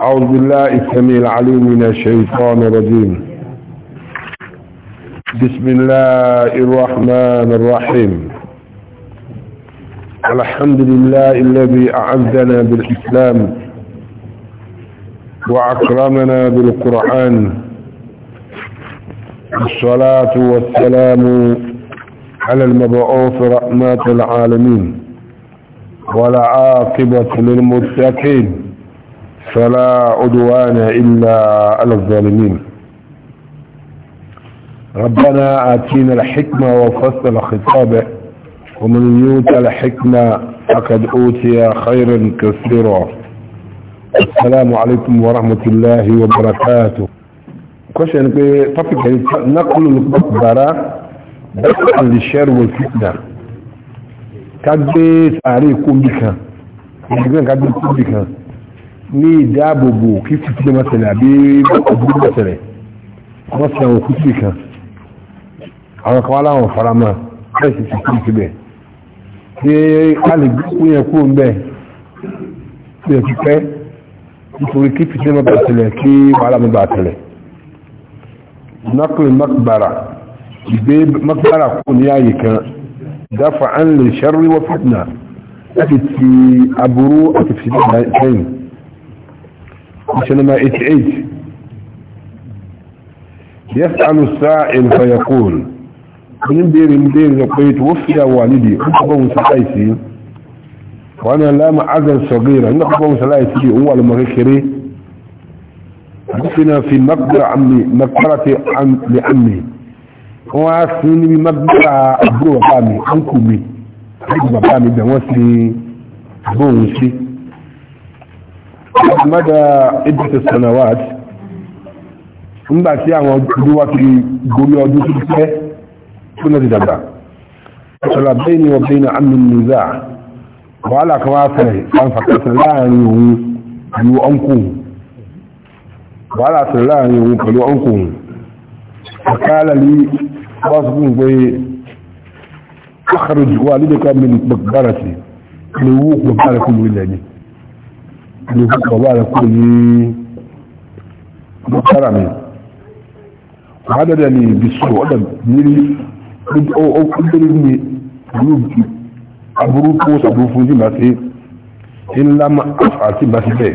أعوذ بالله السميع العليم من الشيطان الرجيم بسم الله الرحمن الرحيم الحمد لله الذي أعزنا بالإسلام وأكرمنا بالقرآن الصلاة والسلام على المبعوث رحمة العالمين ولا عاقبة للمتقين فلا عدوان إلا على الظالمين ربنا آتينا الحكمة وفصل خطابه ومن يوت الحكمة فقد أوتي خيرا كثيرا السلام عليكم ورحمة الله وبركاته كوشن في طفق نقل المقبرة عن للشر والفتنة كان بيت عليكم بك كان بيت عليكم بك ní ìdáàbòbò kí títí lọ́mọ tẹ̀lé àbí ọdún tẹ̀lé wọ́n ti àwọn òkútù kan àwọn kan wá láwọn faramá ẹ̀sì ti kú síbẹ̀ tí a lè gbé yẹn kú ń bẹ̀ tí ẹ̀ ti pẹ́ nítorí kí títí lọ́mọ tẹ̀lé kí wàhálà mọ́ bá tẹ̀lé nakul dafa an lè ṣarri wa fitna láti ti aburú àti fìdí sẹ́yìn سنما 88 يسأل السائل فيقول من دير مدير لقيت وفي والدي حكبه سلايسي وانا لا معذن صغيرا ان حكبه سلايسي هو المغكري حكنا في مقبرة عمي مقبرة عم لعمي هو عاسين بمقبرة أبو وقامي أنكمي أبو وقامي بموسي أبو وقامي mọ́dà ìdíje sanawat nígbà tí àwọn ọdún wá fi gorí ọdún tó pẹ́ tó náà ti dàgbà ṣọlá bẹ́ẹ̀ ni wọ́n bẹ́ẹ̀ ni àmì nìza wàhálà kan wá fẹ̀rẹ̀ fanfàkẹ́sẹ̀ láàrin òun pẹ̀lú ọ̀nkùn wàhálà sẹ̀ láàrin òun pẹ̀lú ọ̀nkùn ọ̀kálà ní wọ́n sọ fún pé akọrọ̀jù wà nídẹ̀ká mi gbàgbára sí lè wú gbàgbára kúrò ilẹ̀ ni ní bàbá rẹ̀ kò ní bọ́kára mi ọ̀hádẹ́dẹ́ ni bisu ọ̀dẹ̀ nírí ó kúndérí ní ìlú aburú tó sàbú fún sí máa ṣe ńlá àti máa ṣe bẹ́ẹ̀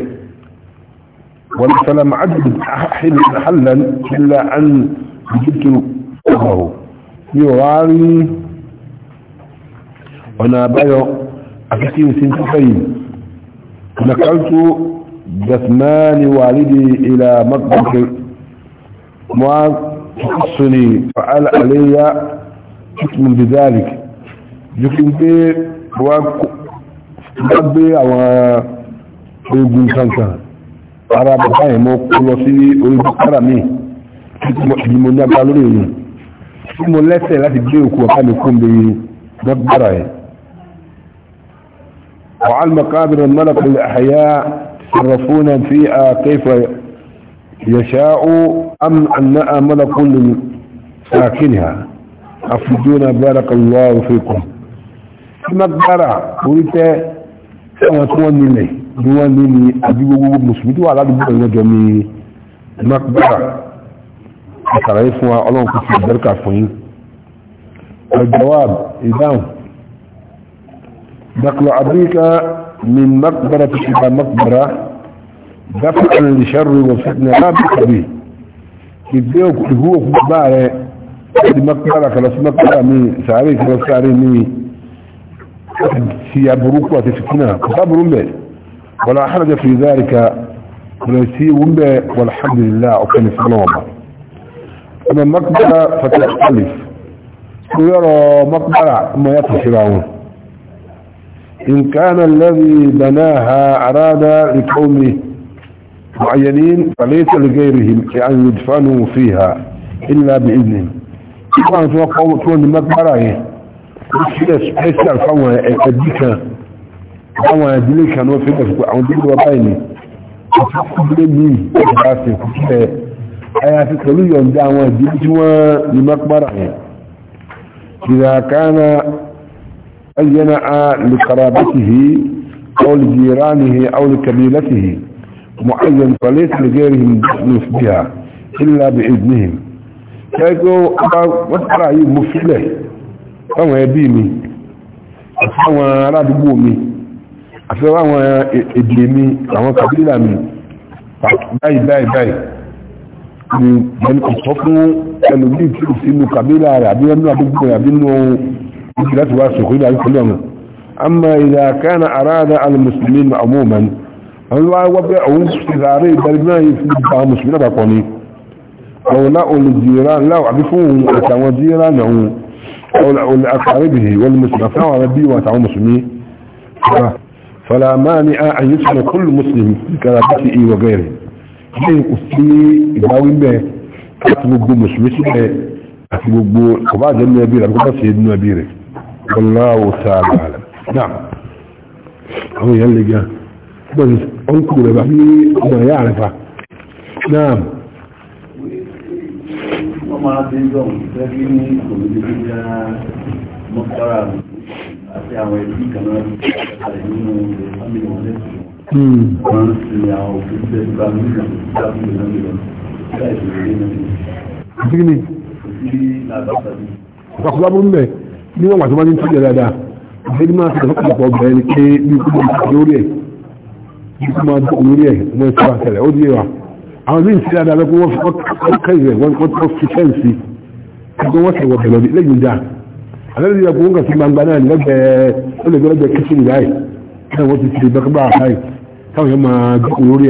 wọ́n ti sálá máa dìbò àhàlẹ̀ ńlá án ìjìtò ọ̀họ̀ ní ọ̀rá rí ọ̀nà àbáyọ àti kí n sí ń fẹ́ yìí نقلت جثمان والدي إلى مقبرة معاذ تقصني فعل علي حكم بذلك لكن بي ربي أو أقول كانت ara bàbá yẹn mọ kó lọ sí orí bàbá mi ni mo ní agbára lórí yẹn tí mo lẹ́sẹ̀ láti gbé òkú ọ̀ká mi kún mi lọ́gbàrà yẹn وعلى المقابر الملك الأحياء يتصرفون فيها كيف يشاء أم أنها ملك لساكنها أفجونا بارك الله فيكم المقبرة قلت أنا تواني لي تواني لي أجيبه مسلمين وعلى أجيبه النجمي المقبرة أتعرفوا أولهم في بركة فين الجواب إذا نقل أبيك من مقبرة إلى مقبرة دفعا لشر وفتنة لا بقبيل كذلك هو كبارة في مقبرة خلاص مقبرة من سعري خلاص سعري من سيابروك وتفتنة كتابر به ولا حرج في ذلك وليسي به والحمد لله وكان في الله أما مقبرة فتختلف ويرى مقبرة ما يتشرعون إن كان الذي بناها أراد لقومه معينين فليس لغيرهم أن يدفنوا فيها إلا بإذنهم طبعا توقعوا تون مقبرة ليس الفوة أديك فوة أديك وفيك عندك وبيني وفيك لي أدراسي أي في كل يوم دعوة أديك إذا كان أن ينعى لقرابته أو لجيرانه أو لكبيلته معين فليس لغيرهم بحنس بها إلا بإذنهم كيكو وطلع مفلح فهو يبيني فهو رادبومي فهو إدليمي فهو قبيلامي باي باي باي من ẹni kò sọ fún ẹlòmíì tí ó sínú kàbílà rẹ̀ لا تواسق إلى كلهم أما إذا كان أراد المسلمين عموما الله وبعهم استثاري بلما يفضل مسلمين باقوني أو لا الجيران لا يعرفون أتوا جيرانه أو لأقاربه والمسلمين فهو ربي واتعوا مسلمين فلا مانع أن يسأل كل مسلم في كرامته وغيره شيء kò sí به mẹ́ láti gbogbo mùsùlùmí sílẹ̀ àti gbogbo ọba àjẹ́mú ẹbí rẹ̀ والله تعالى أعلم نعم هو يلقى بس أنكو لبعضي ما يعرفه نعم máa bí ń dọ̀mù tẹ́bí ní òmìnira mọ́kára àti àwọn ẹbí kan náà àlẹ́ nínú fámìlì wọn lẹ́sìn wọn. wọ́n ń sin àwọn òfin tẹ́ bá mi kàn sábìlì náà mi lọ láì fi lè nínú. àti kí ni. òfin làbàtà mi. àkùdá bó ń bẹ̀ ní wọ́n wà tó bá ní tọ́jú dáadáa ìfẹ́ ní máa fi ọ̀sán pọ̀ bẹ̀rẹ̀ ni pé bí kú máa tọ̀ lórí ẹ̀ bí kú máa tọ̀ lórí ẹ̀ wọ́n ti wá tẹ̀lẹ̀ ó di wa àwọn míì ti dáadáa lọ́pọ̀ wọ́n kẹ́ ìrẹ̀ wọ́n tọ́ fi fẹ́ǹsì kí wọ́n tẹ̀ wọ̀ bẹ̀rẹ̀ lẹ́yìn dáa àlẹ́ ìyá kún kàtí gbangba náà lẹ́gbẹ̀ẹ́ ó lè gbẹ́lẹ́gbẹ́ kíchìn láì náà wọ́n ti ti bẹ́kẹ́ bá àkáì táwọn yẹn máa dọ́kun lórí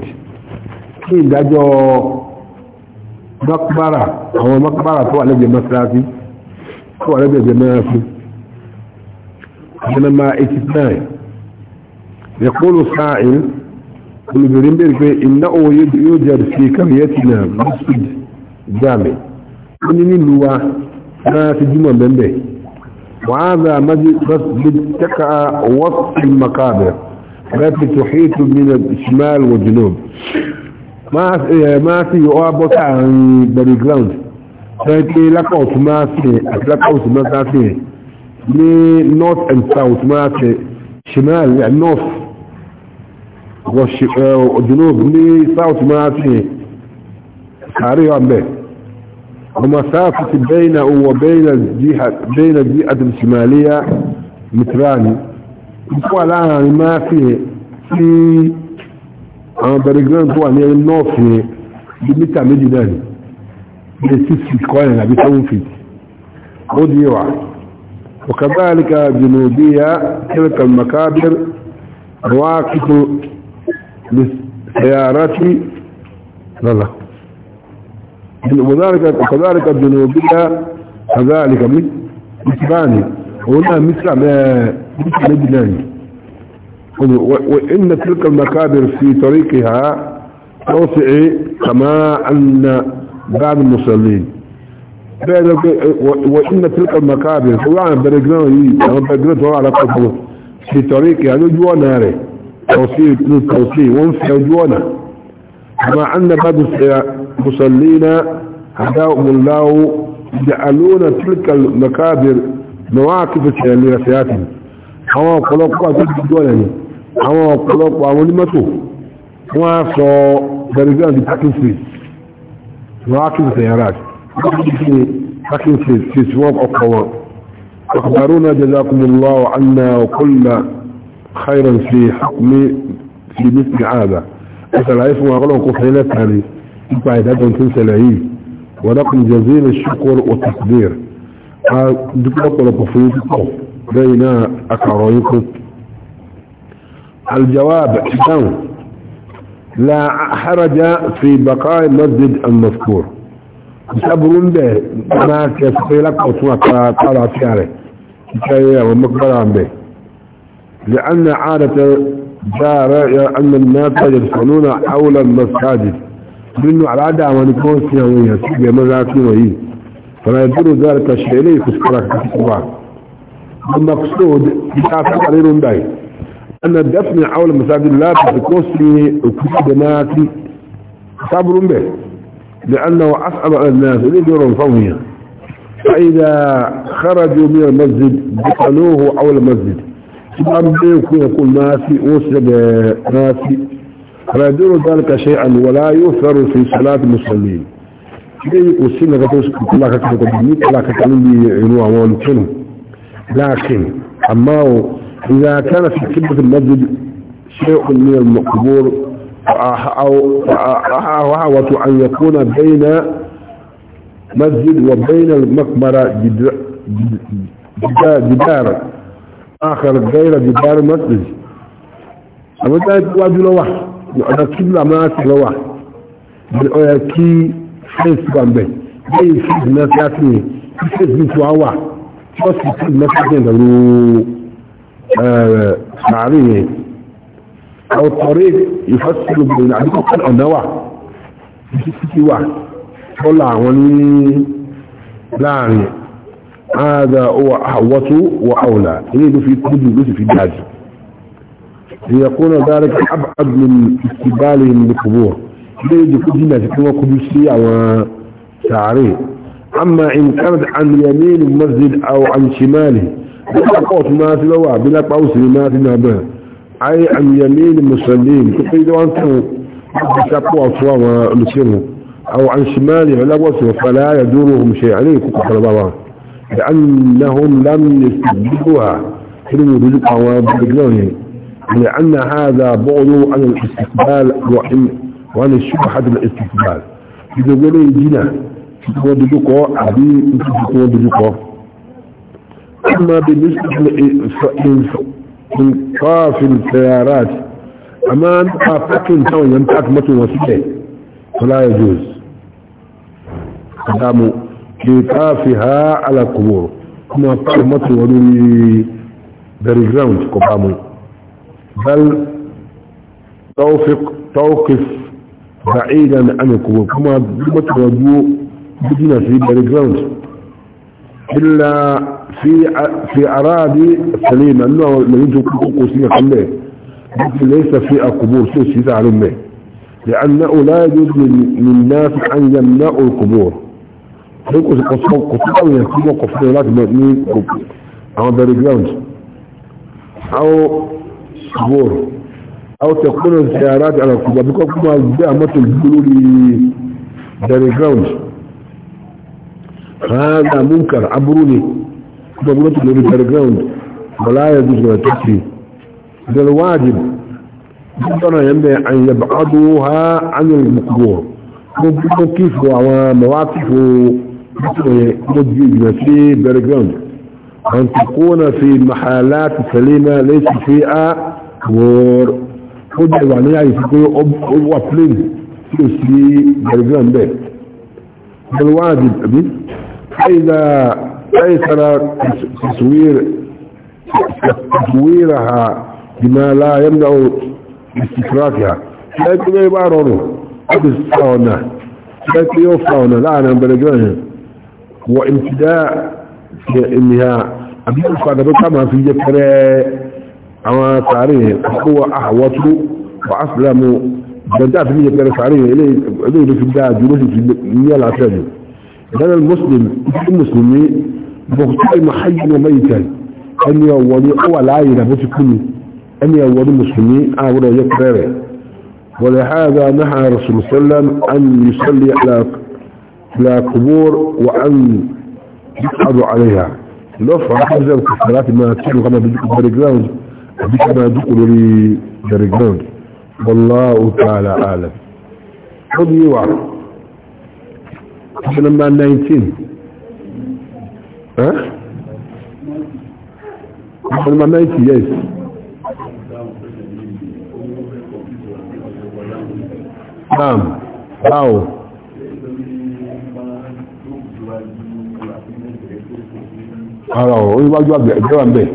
ẹ̀ kí ìdájọ́ makbara àwọn makbara tó wà lẹ́gbẹ̀ẹ́ masáàfí tó wà lẹ́gbẹ̀ẹ́ masáàfí àti ma 89 يقول سائل olùbìnrin bèèrè pé iná owó yóò jẹ́ sí kàríyẹ́tì náà masjid jami ó ní nílùú wa náà ti jùmọ̀ bẹ́ẹ̀ وهذا مسجد تقع وسط المقابر التي تحيط من الشمال والجنوب máa sí eh, ọwá bọ́ sáàrin bẹ̀rẹ̀ ground tẹ́ẹ̀kẹ́ lápá ọ̀tún máa sí ẹ̀ àti lápá ọ̀tún máa sí ní north and south máa sí shimal eh, north ọ̀dùnúb eh, ní south máa sí ẹ̀ sàárẹ̀ wà bẹ̀ ọmọ sáàfù ti bẹ́ẹ̀nà owó bẹ́ẹ̀nà jí àdùn shimaliya mitrani nípa láàrin máa sí ẹ̀ sí àwọn bẹ̀rẹ̀gán tó wà ní ẹni nọ́ọ̀fì yẹn bí mítà méjì náà ni bí six feet kọ́ ẹ̀rìn àbí seven feet ó di wà وكذلك جنوبية تلك المكابر رواقف للسيارات لا لا وذلك وكذلك الجنوبية كذلك مثل مثلاني هنا مثل مثل لبناني وإن تلك المكابر في طريقها توسع كما أن بعض المصلين وإن تلك المكابر سواء برقنان هي برقنان على قصة في طريقها نجوانا ري توصيل توصيل ونفع نجوانا كما أن بعض المصلين هداهم الله يجعلون تلك المكابر مواقف لرسياتهم هو قلوب قوة تلك الدولة àwọn ọ̀pọ̀lọpọ̀ àwọn onímọ́tò wọ́n á sọ telegram di parking space wọ́n á kìí sẹ̀yìn raj parking space space wọ́n ọkọ̀ wọn أخبرونا جزاكم الله عنا وكل خيرا في حكم في مثل هذا أسأل عيفهم وأقولهم كفرنا الثاني يبقى يدعون تنسى العيد ولكم جزيل الشكر والتقدير دكتور لكم فيه بينا أكارويكم الجواب نعم لا حرج في بقاء المسجد المذكور صبر به ما كفي لك وطلع طلع شعره كي ومقبران به لأن عادة جارة أن الناس يدخلون حول المساجد منه على عادة ونكون سيوية سيبه مزاكي وهي فلا يدر ذلك الشيء ليه في الصلاة المقصود يتعطى قليل دايه أن الدفن حول المساجد لا بتكوسي وكتب بناتي صبر به لأنه أصعب على الناس الذي يرون فوهيا فإذا خرجوا من المسجد دفنوه حول المسجد الله يكون ناسي وسب ناسي فلا يدور ذلك شيئا ولا يؤثر في صلاة المسلمين والسنة تسكت لا تسكت لا تسكت لكن أما إذا كان في كلمة المسجد شيء من المقبور أو أن يكون بين مسجد وبين المقبرة جدار آخر غير جدار مسجد أبدا يتواجه لواح أنا كبلة ما أتلواح بل أيكي فيس بامبي بي فيس ناس ياتني فيس بيتواح فيس بيتواح فيس بيتواح معنيه او الطريق يفصل بين عدد ده واحد في واحد كل عواني لعني هذا هو حوته وأولى يريد في كل جزء في الداج ليكون ذلك أبعد من استقبالهم للقبور يريد كل جنة هو قدسية وتعريه أما إن كانت عن يمين المسجد أو عن شماله قوت ما في لو بلا قوس ما في اي عن يمين المسلمين تقيد وانتم تشقوا اصوا لسيرهم او عن شماله لا وصف فلا يدورهم شيء عليه كفر بابا لانهم لم يستجدوها حلو بذلك عواب لأن هذا بعض عن الاستقبال وعن الشبهة الاستقبال إذا قلوا يجينا تقوى دجوكو عبي انتو تقوى دجوكو أما بالنسبة لإنصاف السيارات أما أن أفكر سوى ينتعك متن وسيلة فلا يجوز قدام كتافها على القبور كما قال متن ولولي داري جراوند قدام بل توفق توقف بعيدا عن القبور كما متن وجوه بدينا في داري جراوند إلا في في أراضي سليمة أنه لا يوجد قوسية كله لكن ليس في قبور سوى سيدة الماء لأنه لا يجوز للناس أن يمنعوا القبور يقول قصوا قصوا يقوموا قفلات قبور أو بريجراوند أو قبور أو تكون الزيارات على القبور بكم كما جاء مثل البلولي بريجراوند هذا منكر عبروني ضرورة الأولي جراوند ولا يجوز ولا تكفي هذا الواجب ربنا ينبغي أن يبعدوها عن المقبور كيف هو مواقف مدجج في بريكراوند أن تكون في محالات سليمة ليس فيها كبور خد الوانية يفكروا أب أب وفلين في بريكراوند الواجب أبي فإذا أيسر تصوير تصويرها بما لا يمنع استفراكها لكن يبارونه أبي الصونة لكن يوفقونه لا أنا بلجوانه وامتداء إنها أبي الصونة كما في جفره أما تاريه هو أحوط وأسلم بدأ في مية كانت عليه إليه إليه في الدعاء جلوسي في مية العساني هذا المسلم المسلمي مختلف محي وميتا أن يولي أول عائلة بتكون أن يولي المسلمين أولا يكرره ولهذا نهى رسول الله صلى الله عليه وسلم أن يصلي على على قبور وأن يقعد عليها لو حفظة الكفرات ما تشعر كما بيجيكم بريجراوند بيجيكم ما يدخلوا لي بريجراوند والله تعالى أعلم خذي وعلا لما 19 ها لما 90 yes نعم أو ara ọ̀ oníwájú àgbẹ̀ ẹ̀jẹ̀ wà ń bẹ̀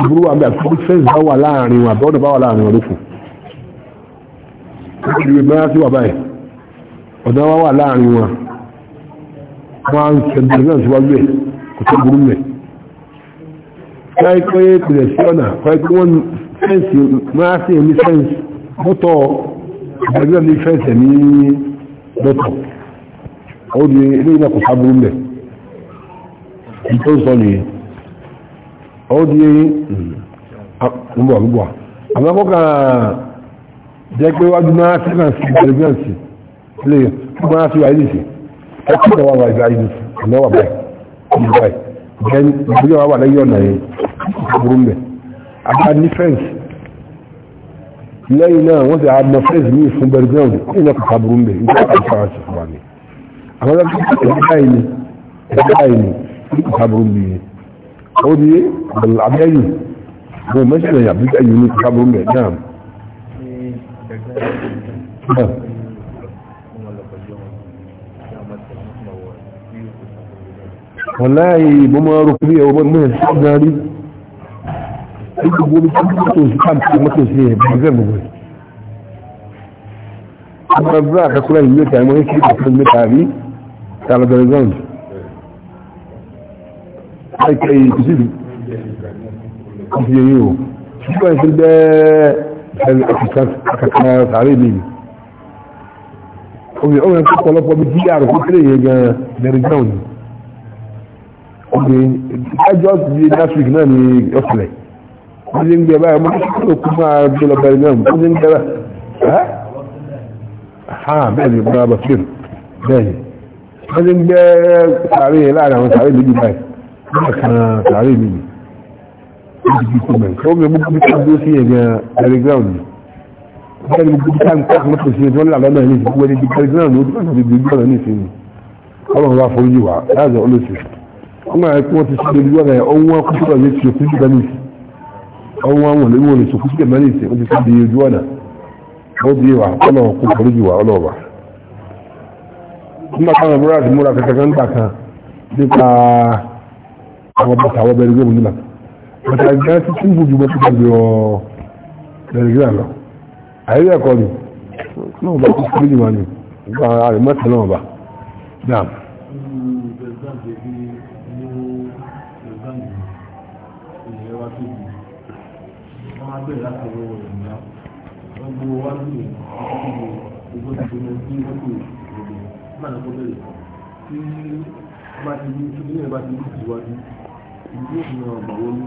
ìbúrú wà ń bẹ̀ àti fẹ́ǹsì bá wà láàrin wọn àbẹ́ bá wà láàrin wọn lókùn káàkiri bẹ́ẹ̀ sí wà báyìí ọ̀dá wa wà láàrin wọn wọ́n á ń sẹ́dúró náà síwájú ẹ̀ kò tó burú mẹ́ káyipẹ́ pìlẹ̀ sí ọ̀nà káyipẹ́ wọ́n fẹ́ǹsì máa sí ẹ̀mí fẹ́ǹsì mọ́tọ̀ ìgbàgbé ní fẹ́ǹsì ẹ̀mí mọ́tọ̀ ó di ilé ìgbà kò sáburú mẹ́ ìtò sọ nìyẹn ó di ẹ̀yìn àgbọ̀gbọ̀ àgbọ̀gbọ̀ jẹ́ pé wájú máa fi náà sí ìgbẹ̀rẹ̀gbẹ̀nsì lè máa fi wáyé sí ẹkùn ìjọba wà ìgbàyé sí ọlọ́wà báyìí ìgbàyé jẹ́ ìgbàyé wà lẹ́yìn ọ̀nà yẹn ìgbàbúrú mẹ́ àbá ní fẹ́ǹsì lẹ́yìn náà wọ́n ti àmọ́ fẹ́ǹsì ní ìfún bẹ̀rẹ̀gbẹ̀nsì ní ìlọ́kù kàbúrú mẹ́ ìgbàyé fẹ́ǹsì fún wa ni àwọn ẹgbẹ́ ni ẹgbẹ́ ni ìlọ́kù kàbúrú mẹ́ ó di àbẹ́yìn mo mẹ́sàn-án àbíkẹ́yìn ní kàbúrú mẹ́ náà wọ̀láyé mọ́ mọ́ rọ̀ pé ọwọ́ mọ́ ẹ̀ sọ́ gan rí gbogbo omi tó mọ́tò sí káàkiri mọ́tò sí ẹ̀ bí fẹ́ gbogbo ẹ̀ ọmọ ẹgbẹ́ àkẹ́kọ̀ọ́ ìlú ẹ̀ta ẹ̀mọ́ ẹ̀kí ìpàkọ́ mẹ́ta rí akàkàrà sàárè mi obìnrin obìnrin tó pọ̀lọpọ̀ bí gr kó kéré yẹn gan mary brown ni obìnrin ìdájọ́ ti di last week náà ní ọ̀sẹ̀lẹ̀ wọ́n ti ń gbé báyìí wọ́n ti kúrò kú máa gbé lọ bẹ̀rẹ̀ náà wọ́n ti ń gbé báyìí ha láàrin àwọn sàárè méjì báyìí ìdìbò kọmẹ̀ntì wọ́n mẹ́ gbogbo ká dúró sí ẹ̀gẹ́ telegram ni wọ́n mẹ́ gbogbo ká ń ká mọ́tò sí ẹ̀gẹ́ lọ́la náà ní ìdìbò ẹni telegram ni ó dúró sí ìdìbò ọ̀nà ní ìsinmi ọlọ́run bá forí wà láàzọ olóṣù wọ́n máa kí wọ́n ti sí ìdìbò ọ̀nà ọ̀hún wọn kúkú ọ̀nà ti òkú sí ganis ọ̀hún wọn wọlé wọn lè sòkú sí ganis wọ́n ti sí ìdìbò ọ̀nà ó di wà bàtà ìgbà tí tí ń bù jù bọ́ pípa bí ọ nàìjíríà lọ àyè ẹ̀kọ́ ni náà bá kúkú bí jùmọ̀ ni gba àrẹ mẹ́ta náà bá dam. Tí bá ti ní ìṣúlẹ̀ bá ti ní ìṣíwájú, ìdí òṣìṣẹ́ ọgbà wọlé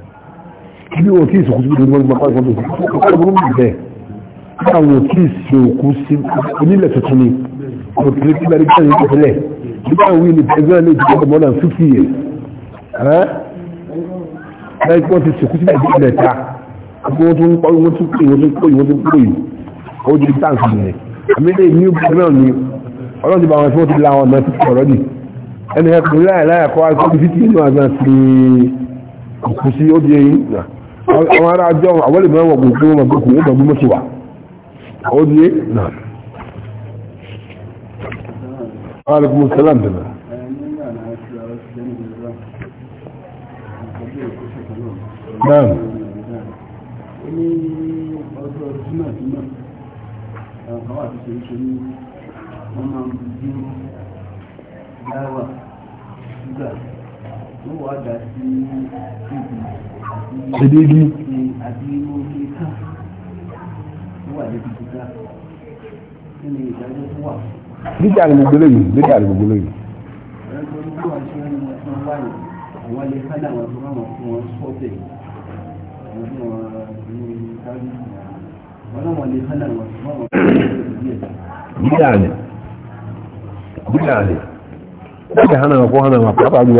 bí wọ́n tí ìsòkú síbi lórí ọgbà pàṣẹ ọdún ọkọ̀ burú mi bẹ́ẹ̀ káwọn tí ìsòkú sí onílẹ̀ tuntun ni ọ̀rọ̀ tí ìgbà ní bẹ́ẹ̀ ní ìpínlẹ̀ nígbà wí ni president ní ìjọba more than fifty years ẹ́ láì pọ́n ti ìsòkú síbi ìpínlẹ̀ ta wọ́n tún pọ́ wọ́n tún pè wọ́n tún pè wọ́n tún pè yìí ó di táǹkì nìyẹn àmì ní new president ni ọlọ́run ti bá wọn tí wọ́n ti la wọn náà ti sọ̀rọ̀ nì ẹni ẹkùnrin láyà láyà kọ́ àgbẹ̀ fífi ìlú àgbà sí òkú sí ó di eyín náà àwọn ará ajọ́ àwọn ìbọn wọ̀ gbogbo wọn gbogbo wọn gbogbo mọ́sí wa ó di é náà alaikum salam dana náà ní ọjọ́ jimá jimá àwọn àti ṣe ń ṣe ní wọ́n máa ń dúró dáwà nígbà wọ́n wà dá sí ìlú èdè igi nígbà ni gbogbo a, nígbà ni gbogbo lẹ́yìn. Àwọn ilé ni, ni, kó pàápàá lè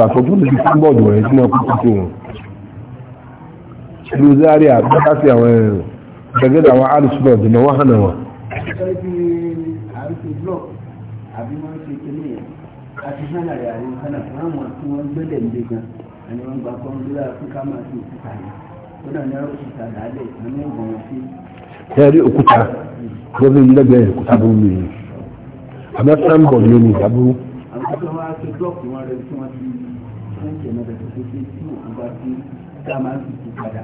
fi rẹ̀ sínú ọkùnrin wọn. ìlú zaria bọ́ká sí àwọn ẹ̀rọ gẹ́gẹ́ àwọn alùsùnà dìnnà wọ́n hànà wọn. ẹ̀rí òkúta gbọ́dọ̀ yìí lẹ́gbẹ̀ẹ́ òkúta bó mi yìí àmọ́ sáńbọ̀ ló ní ìdábúrú. àwọn akẹ́kọ̀ọ́ wa ṣe blọọkì wọn rẹ tí wọ́n ti ń jẹ́ mẹ́ta tó ṣe tí wọ́n bá ti dá máa ń fi padà.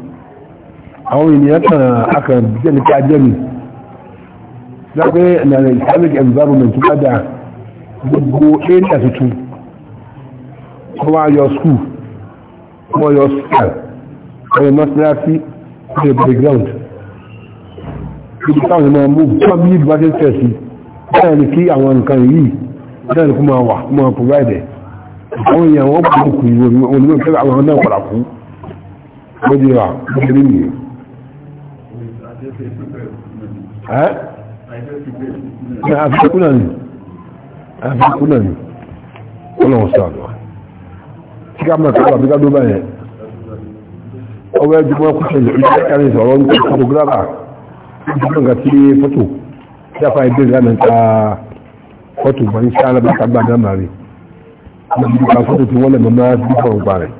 àwọn ènìyàn kan akàn jẹ́ ní ká jẹ́ mi lápẹ́ ìlànà islamic environment wá dáa gbogbo area tuntun wọ́n wá yọ school wọ́n yọ school wọ́n yọ mọ́sálásí wọ́n yọ playground ibi táwọn ìmọ̀ mú tọ́bí ìdúbáṣẹ́ tẹ̀sí bẹ́ẹ̀ ni kí àwọn nǹkan yìí bẹ́ẹ̀ ni kó máa wà máa provide àwọn èèyàn wọ́n pọ̀ kù ìwòrán onímọ̀ ìfẹ́ àwọn náà pàdà kú ó di rí nìyẹn ẹ́ àfikún náà ni àfikún náà ni ọlọ́run sọ àlọ́ tí ká máa tọ́lá àbíká dóbá yẹn ọwọ́ ẹjú mọ́ kúṣẹ̀ ìjẹ́kẹ́rin sọ̀rọ̀ ní fọ́tògráfà ìjọba nǹkan tí fọ́tò tí a fa ìdí ìlànà ìta fọ́tò bọ̀ ní sáà lábàkà gbà náà màrí àwọn ìdíkà fọ́tò tí wọ́n lẹ̀ mọ́ máa bí fọ́rọ̀ gbà rẹ̀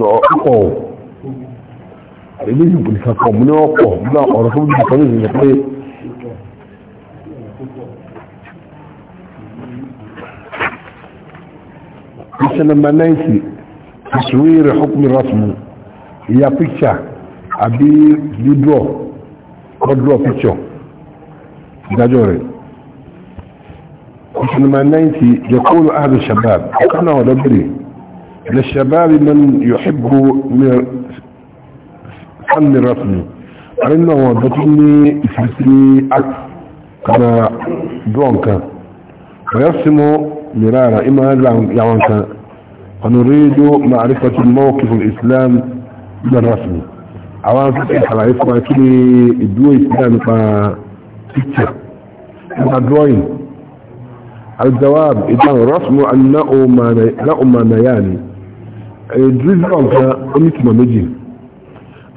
lọ ọ̀pọ̀ ò kò nìkan kan mú ní ọ̀pọ̀ nígbà ọ̀rọ̀ tó bí kan nìyẹn pé iṣẹ́ nọmba 90 taswiri hukmi rasmi ìyá píkṣà àbí dídúrọ̀ ọdúrọ̀ píkṣà ìdájọ́ rẹ̀ iṣẹ́ nọmba 90 yẹ kóòlù shabab ọkànnà ọ̀dọ́bìnrin للشباب من يحب فن الرسم أنا وضعتني فسري أكس كما دونك ويرسم مرارا إما يعوانك ونريد معرفة الموقف الإسلام من الرسم أولا فتح على إسمع كلي الدول الإسلام كتير كدروين الجواب إذا الرسم أنه ما نياني دريزون كان أميتما مجي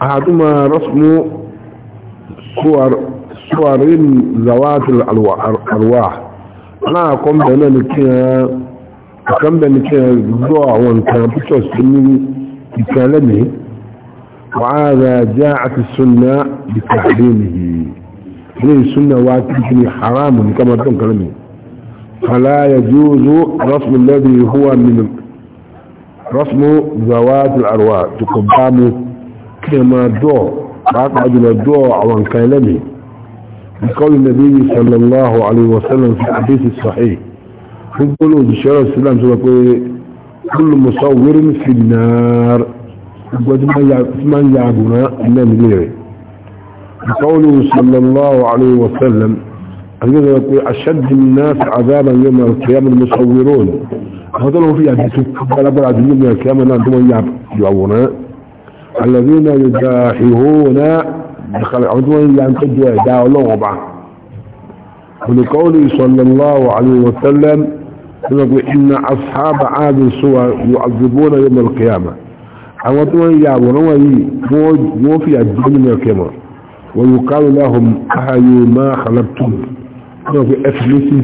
أحدهما رسم صور صور ذوات الأرواح أنا أقوم بأنا نكيها أقوم بأنا نكيها ذوع وانكان بتوس إني يكالمي وهذا جاءت السنة بتحريمه هذه السنة واتجني حرام كما تكون كلمي فلا يجوز رسم الذي هو من رسم زوات الأرواح تقدام كما دو بعد جل دو عن كلامه بقول النبي صلى الله عليه وسلم في الحديث الصحيح يقولوا بشارة السلام سبقوا كل مصور في النار من يعبنا إلا مديره بقوله صلى الله عليه وسلم أشد الناس عذابا يوم القيامة المصورون يعني الذين يداحيون دخل عدوان ينتج داو لغبا ولقوله صلى الله عليه وسلم يقول إن أصحاب عاد سوى يعذبون يوم القيامة عدوان يعبدون وفي عبدالله كامل ويقال لهم أهل ما خلبتم يقول أفلسي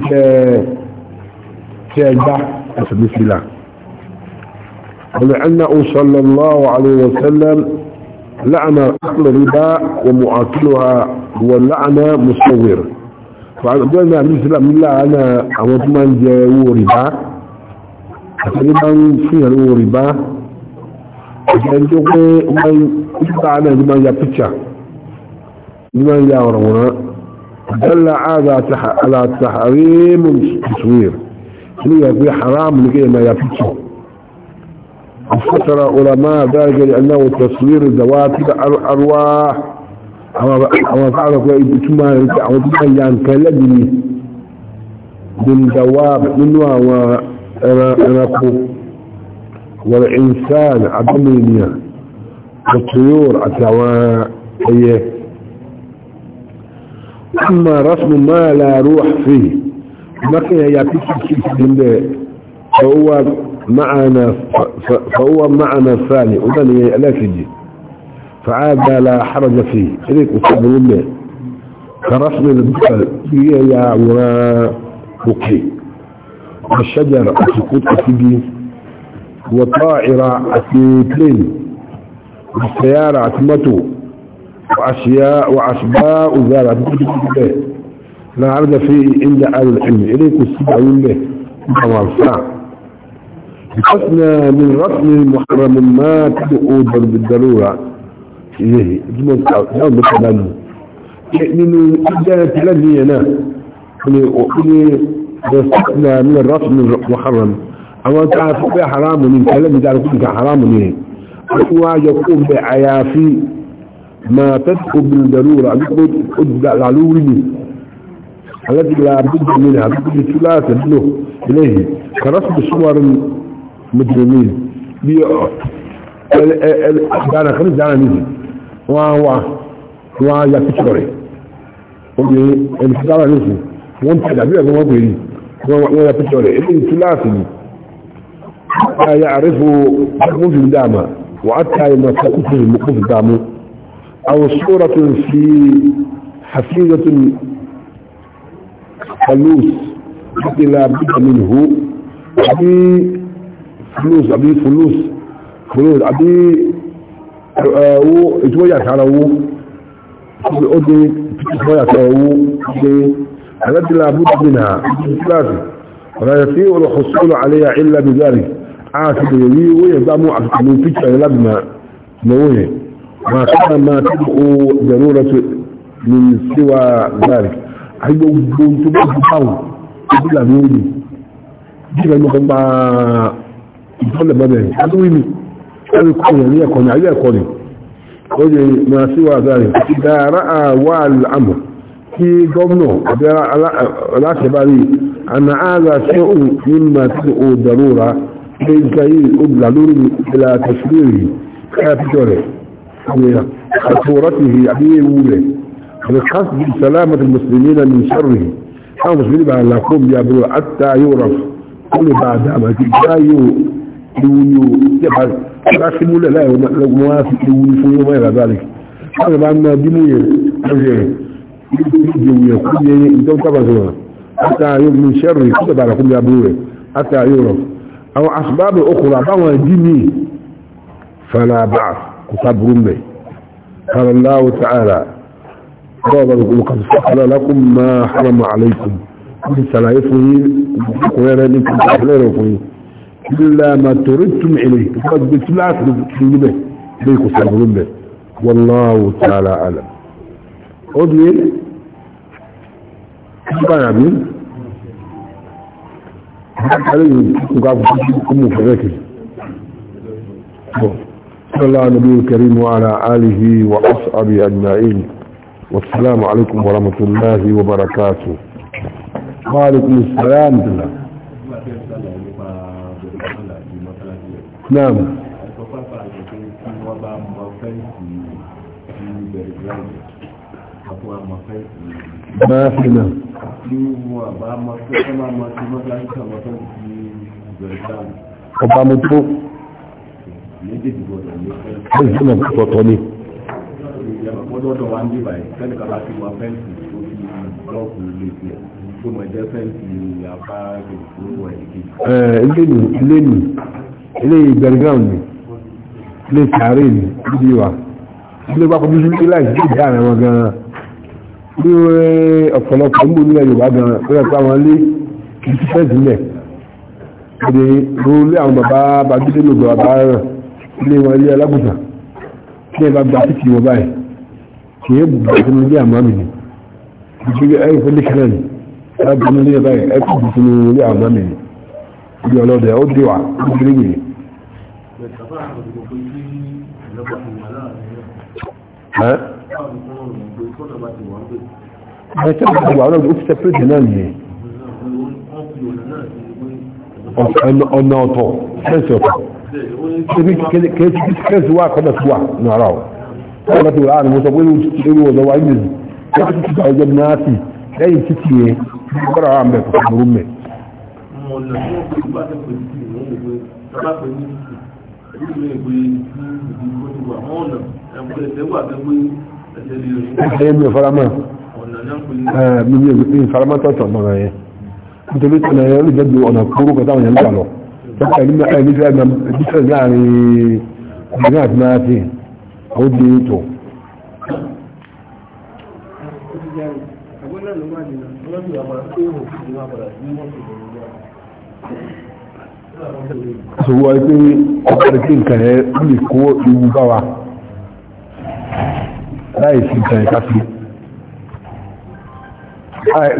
تاجح بسم الله ولأنه صلى الله عليه وسلم لعن أكل الربا ومعاكلها هو اللعنة مصور فعندنا الإسلام الله أنا عمضمان جاءه ربا تقريبا فيها هو ربا وكان جوكي من كتب عنه لمن يبتشى لمن يورمنا دل هذا على تحريم التصوير هي في حرام لكي ما يفتح فسر علماء ذلك لأنه تصوير ذوات الأرواح أما فعلك يتعودون أن ينكلجني من دواب منها ونقو والإنسان عدمينيا والطيور أتوا أيه أما رسم ما لا روح فيه مكة يا بيكي فهو معنا فهو معنا الثاني وذن لا تجي فعاد لا حرج فيه خليك أصاب منه كرسم الدخل يا وراء بقي والشجر سكوت أسيدي وطائرة أسيتلين والسيارة أسمته وأشياء وأشباء وزارة لا عبد فيه إلا أهل العلم إليك السبع والله وارفع بحسن من رسم المحرم ما تدعو بالضرورة إليه جمال يوم بكلامه من إجانة الذي أنا وإني بستثنى من الرسم المحرم أما تعرف بها حرام من كلامي تعرف حرام منه هو يقوم بعيافي ما تدخل بالضرورة أقول العلوي الذي لا بد منها بد لا تدلو إليه كرسم صور المجرمين بي دانا خمس دانا نيجي وهو يا يكتوري ودي الفضالة نيجي وانت لابيه كما قولي يا يكتوري إليه ثلاثي حتى يعرف مقف داما وعتى ما تكتب مقف داما أو صورة في حفيظة فلوس حتي لا بد منه أبي فلوس أبي فلوس فلوس أبي هو آه، إتوية كانوا أدي إتوية كانوا أدي التي لا بد منها ثلاثة ولا يسيء الحصول عليها إلا بذلك عاكد يلي ويزامو عبد من فكرة لبنا نويه ما كان ما تدعو ضرورة من سوى ذلك àyíkó gbogbo tó bá ju báwọn ojú làwọn ò lè bí ìgbà ìmọ̀ kan gba ìtọ́lẹ̀ mọ́bẹ̀ adúrí mi ẹ̀rí kọ́ ìyẹn ní ẹ̀kọ́ ni ayé ẹ̀kọ́ ni ó lè máa sí wà dáre àti dára àwọ̀ àmọ̀ kí gómìnà àbí aláṣẹ bá àgbà sí òun ní mà tí ra pé nǹkan yìí lórí ìlà tẹ̀sílẹ̀ káyà píjọ rẹ̀ àwọn èèyàn àti òrọ́tì àbí ewu rẹ̀ الخاص سلامة المسلمين من شره حاول المسلمين بأن لكم يابلوا حتى يورف كل بعد ما تجايو يونيو يبقى ولا لا موافق يونيو وما إلى ذلك هذا بعد بأن دموية أجيه يجيو يقول يدون إيه، تبسوها حتى يوم من شره كل بعد لكم يابلوه حتى يورف أو أسباب أخرى بأن دمي فلا بعث كتاب رمي قال الله تعالى قال وقد فعل لكم ما حرم عليكم كل سلايفه ويرانك ويرانك إلا ما تردتم إليه قد بثلاث بتجيبه بيكو سابقون به والله تعالى أعلم أدلل كيف عبين حق عليه وقعب كم وفغاكي صلى الله عليه النبي الكريم وعلى آله وأصعب أجمعين والسلام عليكم ورحمة الله وبركاته وعليكم السلام الله نعم ما فينا ọba mo tó ẹ̀sìn náà tọ̀tọ̀ ni lọ́dọ̀ wa ń bí báyìí fẹ́ni kaba ti wá fẹ́ǹsì tó fi blọ́ọ̀kù lè fi ẹ̀ tó mọ̀ jẹ́ fẹ́ǹsì apá ìgbòho ẹ̀ kejì. ẹ ilé nì ilé nì ilé gbẹ̀rẹ̀gàn ni ilé sàárè ni níbi wa ilé pápá bí sílé láì sí ìdí àná wọn gan-an bí ọ̀pọ̀lọpọ̀ ń bò nílẹ̀ Yorùbá gan-an ó yẹ kó àwọn ilé kì í fẹ́ǹsì lẹ̀ èdè rúlé àwọn bàbá bàbá gbígbé lòdò bàbá rẹ̀ ilé wọn ilé alágùnfà ní ìbá gba títì wọn báyìí يبدأ في المجاعة ما مني يجي أي فلك هلاني أبدأ من لي باي أكد في المجاعة ما مني يجي على ده أود يوعى أود يجي ها؟ ما يتبقى تبقى على الأوف تفرد هلاني أنا أطول سنسة أطول كيف كيف كيف كيف كيف كيف كيف كيف كيف كيف كيف ọ̀rọ̀ ti wà ánìmọ́ sọ pé ewu ọ̀dọ̀ wa yìí láti ti ta ọjọ́ náàtì lẹ́yìn títì yẹn kọ́ra wà mẹ́ kọ́kọ́ burú mẹ́. ẹ̀yẹ́ mi ò fara mọ́ mi ò fara mọ́ tọ́tọ̀ mọ́ ẹ̀ nítorí ọ̀nà ẹ̀rọ ìjẹ́bi ọ̀nà kúrú kọjá àwọn yẹn ń gbà lọ. Ẹ̀mí fẹ́ mi láàrin ìgbìyànjú àti máa ti ó di ètò sọ̀wọ́ pé ọkàrìkí nǹkan ẹ̀ lè kó ewu bá wa láìsí nǹkan ẹ̀ káfí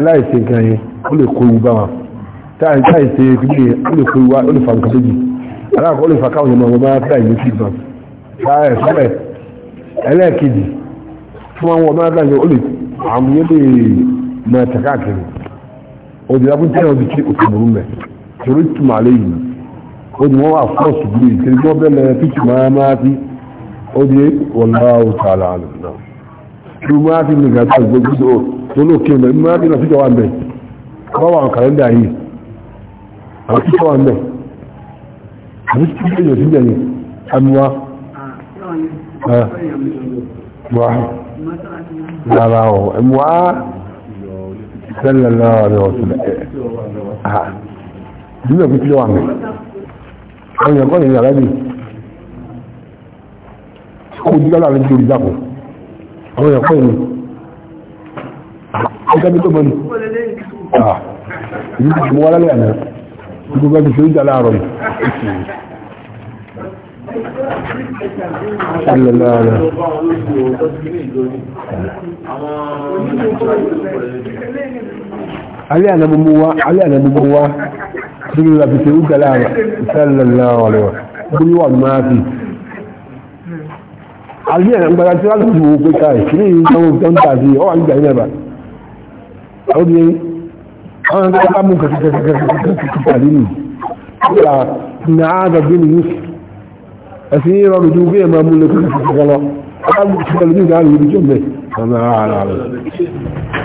láìsí nǹkan ẹ̀ ó lè kó ewu bá wa láìsí ìpínlẹ̀ ó lè kó ewu ó lè fa nǹkan méjì aláàkọ́ ó lè fa káwọn ọmọ ọmọ bá láìsí ìgbà láìsí ìgbà ẹlẹ́ẹ̀kejì fún àwọn ọmọ agbáyé ó lè àwọn yẹ́bẹ̀ mọ̀ ẹ̀tẹ̀ káàkiri òdìlábùn tí wọ́n ti kí òkè mẹ́ torí túmọ̀ alẹ́ yìí ó wà fọ́ ṣùgbọ́n ìkiri tó bẹ́ẹ̀ fíjì máa máa fi ó di wọ́n lára ọ̀ ẹ̀mùwá tẹ́lẹ̀ lára rẹ̀ ọ̀tọ̀lẹ̀ nígbà pín kílọ̀ àmì àwọn ẹ̀kọ́ ìrìn àrẹ́bì kó dígbà láàrin tí ó rí dàpọ̀ àwọn ẹ̀kọ́ ìrìn ọjọ́bí tó mọ́ni ìlú ti mọ́ wálálẹ̀ àná gbogbo tó ń jà sallallahu alaihi ali ana mumuwa ali ana mumuwa sigin la bite ugala sallallahu alaihi wasallam wa ma fi ali ana ngba ti wa lu pe kai kini so don ta bi o wa ngba ni ba o bi àwọn ka ka mu ka ka ka ka ka ni na ga bin yusuf أسير رجوبية ما مولك في الغلاء أنا أقول لك أنا أعلم